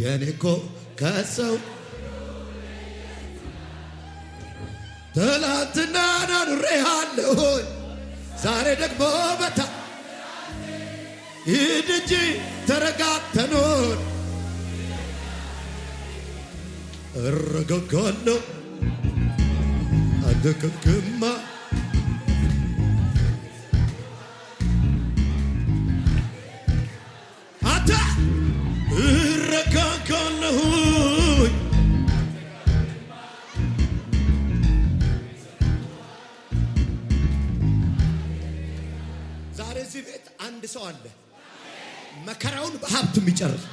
የኔኮ ከሰው ትላንትና ናኑሬሃለሁ ዛሬ ደግሞ በታ ይህን እንጂ ተረጋግተኖር እረጋጋለሁ አደገግማ እዚህ ቤት አንድ ሰው አለ መከራውን በሀብት የሚጨርስ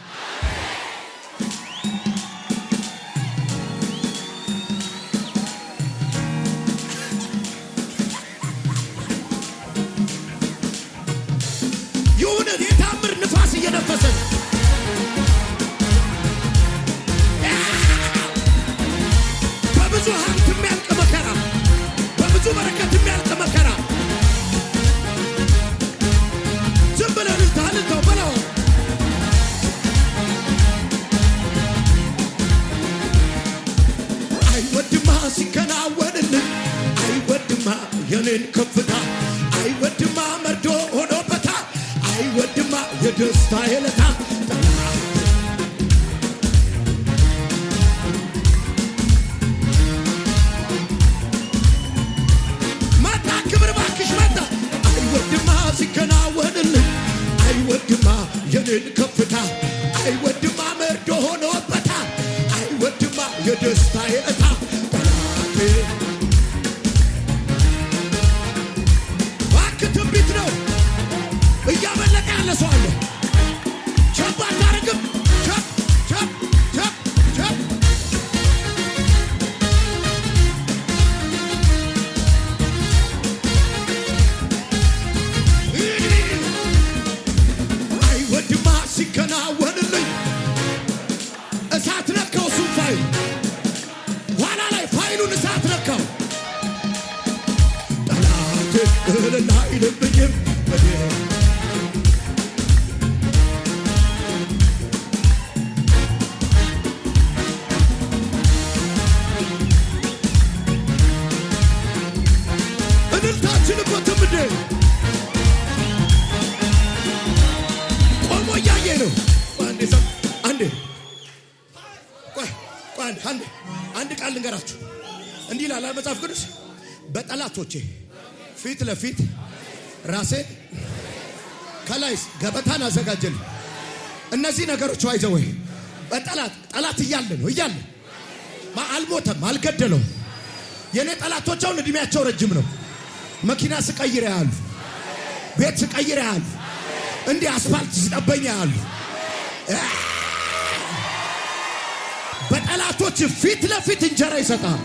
የኔን ከፍታ አይወድማ መርዶ ሆኖበታ አይወድማ የደስታ የለታ መጣ ክብር ባክሽ መጣ አይወድማ ሲከናወንልን አይወድማ የኔን ከፍታ አይወድማ መርዶ ሆኖበታ አይወድማ የደስታ የለታ እልልና አይደብቅም እልልታችንበትም ቆሞ እያየ ነው። አንድ ቃል ልንገራችሁ እንዲህ ይላል መጽሐፍ ቅዱስ በጠላቶቼ ፊት ለፊት ራሴን ከላይስ ገበታን አዘጋጀል። እነዚህ ነገሮች ወይ በጠላት ጠላት እያለ ነው እያለ አልሞተም፣ አልገደለውም። የእኔ ጠላቶች አሁን እድሜያቸው ረጅም ነው። መኪና ስቀይር ያሉ፣ ቤት ስቀይር ያሉ፣ እንዲህ አስፋልት ስጠበኝ ያሉ በጠላቶች ፊት ለፊት እንጀራ ይሰጣል።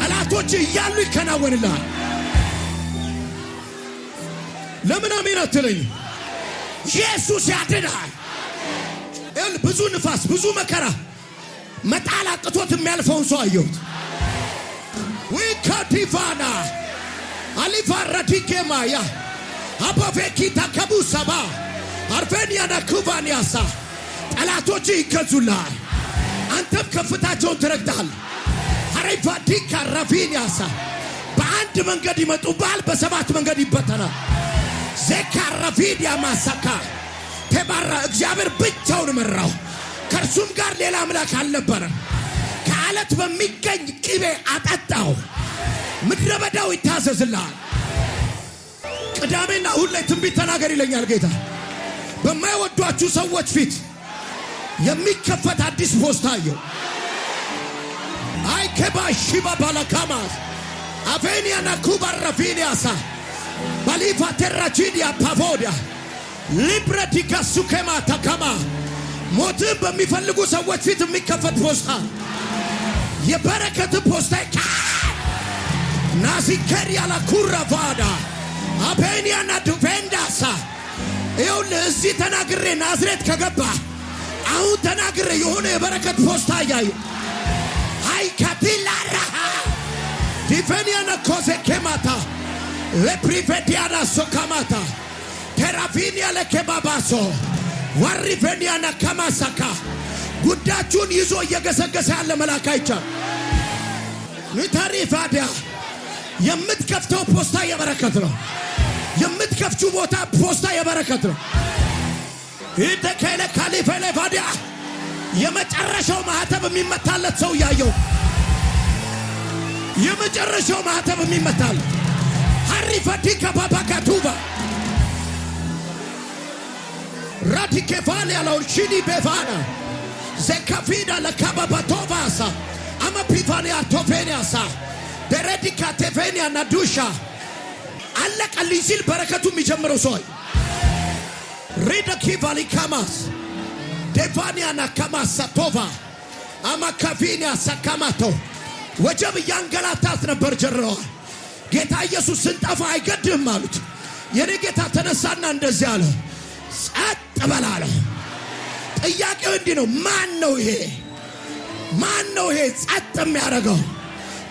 ጠላቶች እያሉ ይከናወንልሃል። ለምን አሜን አትለኝ? ኢየሱስ ያድናል። ብዙ ንፋስ፣ ብዙ መከራ መጣል አቅቶት የሚያልፈውን ሰው አየሁት። ዊከዲቫና አሊቫረዲኬማያ አቦፌኪታ ከቡሰባ አርፌንያና ኩቫንያሳ ጠላቶች ይገዙልሃል፣ አንተም ከፍታቸውን ትረግጣል። አሬቫዲካ ራፊንያሳ በአንድ መንገድ ይመጡብሃል፣ በሰባት መንገድ ይበተናል። ዜካ ረፊዲያ ማሳካ ተባራ እግዚአብሔር ብቻውን መራው። ከእርሱም ጋር ሌላ አምላክ አልነበረም። ከአለት በሚገኝ ቅቤ አጠጣው። ምድረ በዳው ይታዘዝልሃል። ቅዳሜና እሁድ ላይ ትንቢት ተናገር ይለኛል ጌታ። በማይወዷችሁ ሰዎች ፊት የሚከፈት አዲስ ፖስታ አየው። አይ ከባሺባ ባላካማስ አቬኒያና ኩባራፊኒያሳ Palifa terra chini ya ሊብረ ዲካሱ ከማ ተከማ ሞትን በሚፈልጉ ሰዎች ፊት የሚከፈት ፖስታ የበረከት ፖስታ ናሲከር ያላ ኩራ ቫዳ አፔንያና ዱፔንዳሳ ይኸውልህ እዚህ ተናግሬ ናዝሬት ከገባ አሁን ተናግሬ የሆነ የበረከት ፖስታ እያዩ ሃይካቲላራሃ ዲፌንያና ኮሴኬማታ leprivediana sokamata ተራፊኒያ ለኬባባሶ ዋሪቬኒያና ከማሳካ ጉዳችሁን ይዞ እየገሰገሰ ያለ መልአክ አይቻል ንተሪ ፋዲያ የምትከፍተው ፖስታ የበረከት ነው። የምትከፍቹ ቦታ ፖስታ የበረከት ነው። ይተከለ ካሊፈለ ፋዲያ የመጨረሻው ማህተብ የሚመታለት ሰው ያየው የመጨረሻው ማህተብ የሚመታለት harifadika babakatuva radikevale alaonshini bevana zekavina lakababatovasa ama pivane aቶቬንያሳ ደረዲካ ቴቬንያ ናዱሻ አለቀል ሲል በረከቱ የሚጀምረው ሰው ሪደኪቫሊ ካማስ ዴቫንያ ናካማስ ሳቶቫ አማካቪንያ ሳካማቶ ወጀብ እያንገላታት ነበር ጀርረዋል ጌታ ኢየሱስ ስንጠፋ አይገድህም አሉት። የኔ ጌታ ተነሳና እንደዚህ አለ፣ ጸጥ በላለ። ጥያቄው እንዲህ ነው፣ ማን ነው ይሄ? ማን ነው ይሄ ጸጥ የሚያደርገው?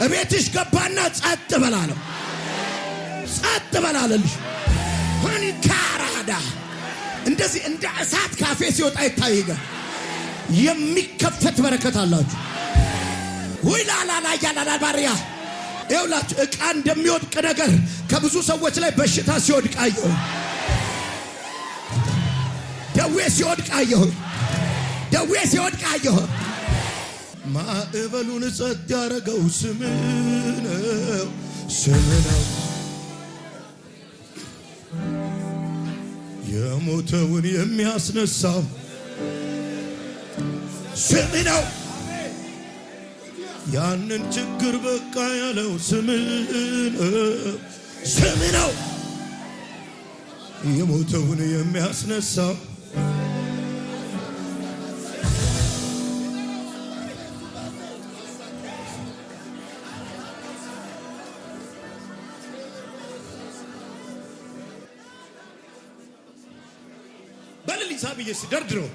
እቤትሽ ገባና ጸጥ በላለ፣ ጸጥ በላለልሽ። አለልሽ። ሆንካራዳ እንደዚህ እንደ እሳት ካፌ ሲወጣ ይታይገ የሚከፈት በረከት አላችሁ ሁይላላላ እያላላ ባርያ ይውላችሁ እቃ እንደሚወድቅ ነገር ከብዙ ሰዎች ላይ በሽታ ሲወድቅ አየሁ። ደዌ ሲወድቅ አየሁ። ደዌ ሲወድቅ አየሁ። ማዕበሉን ጸጥ ያደረገው ስም ነው፣ ስም ነው። የሞተውን የሚያስነሳው ስም ነው። ያንን ችግር በቃ ያለው ስምን ስም ነው የሞተውን የሚያስነሳ በሌሊት ሳብ እየሲደርድ ነው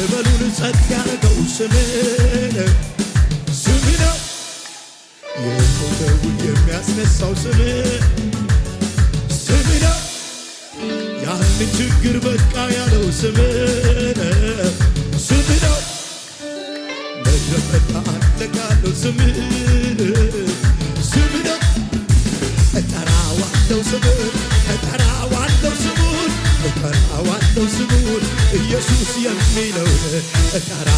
እበሉን ጸጥ ያረገው ስምን ስም ነው የሞተውን የሚያስነሳው ስም ስም ነው ያንን ችግር በቃ ያለው ስም ስም ነው መድረፈታ አለቃለው ስምን caralho.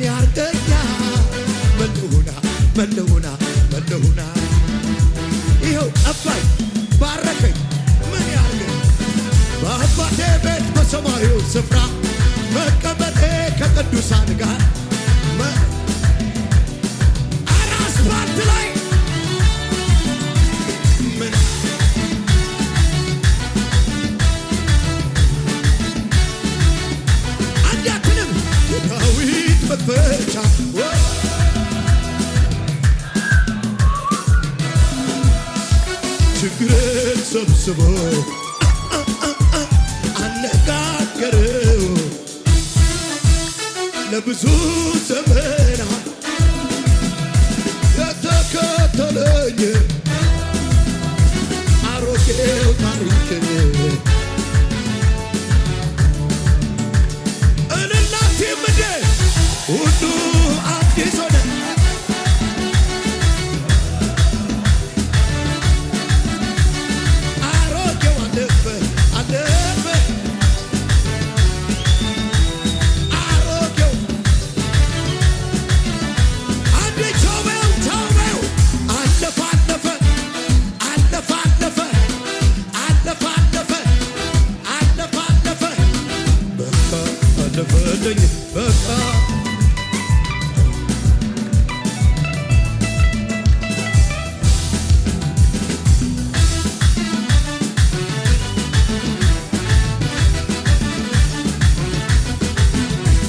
እኔ አርደኛ ምን ለብዙ ዘመን የለኝም በቃ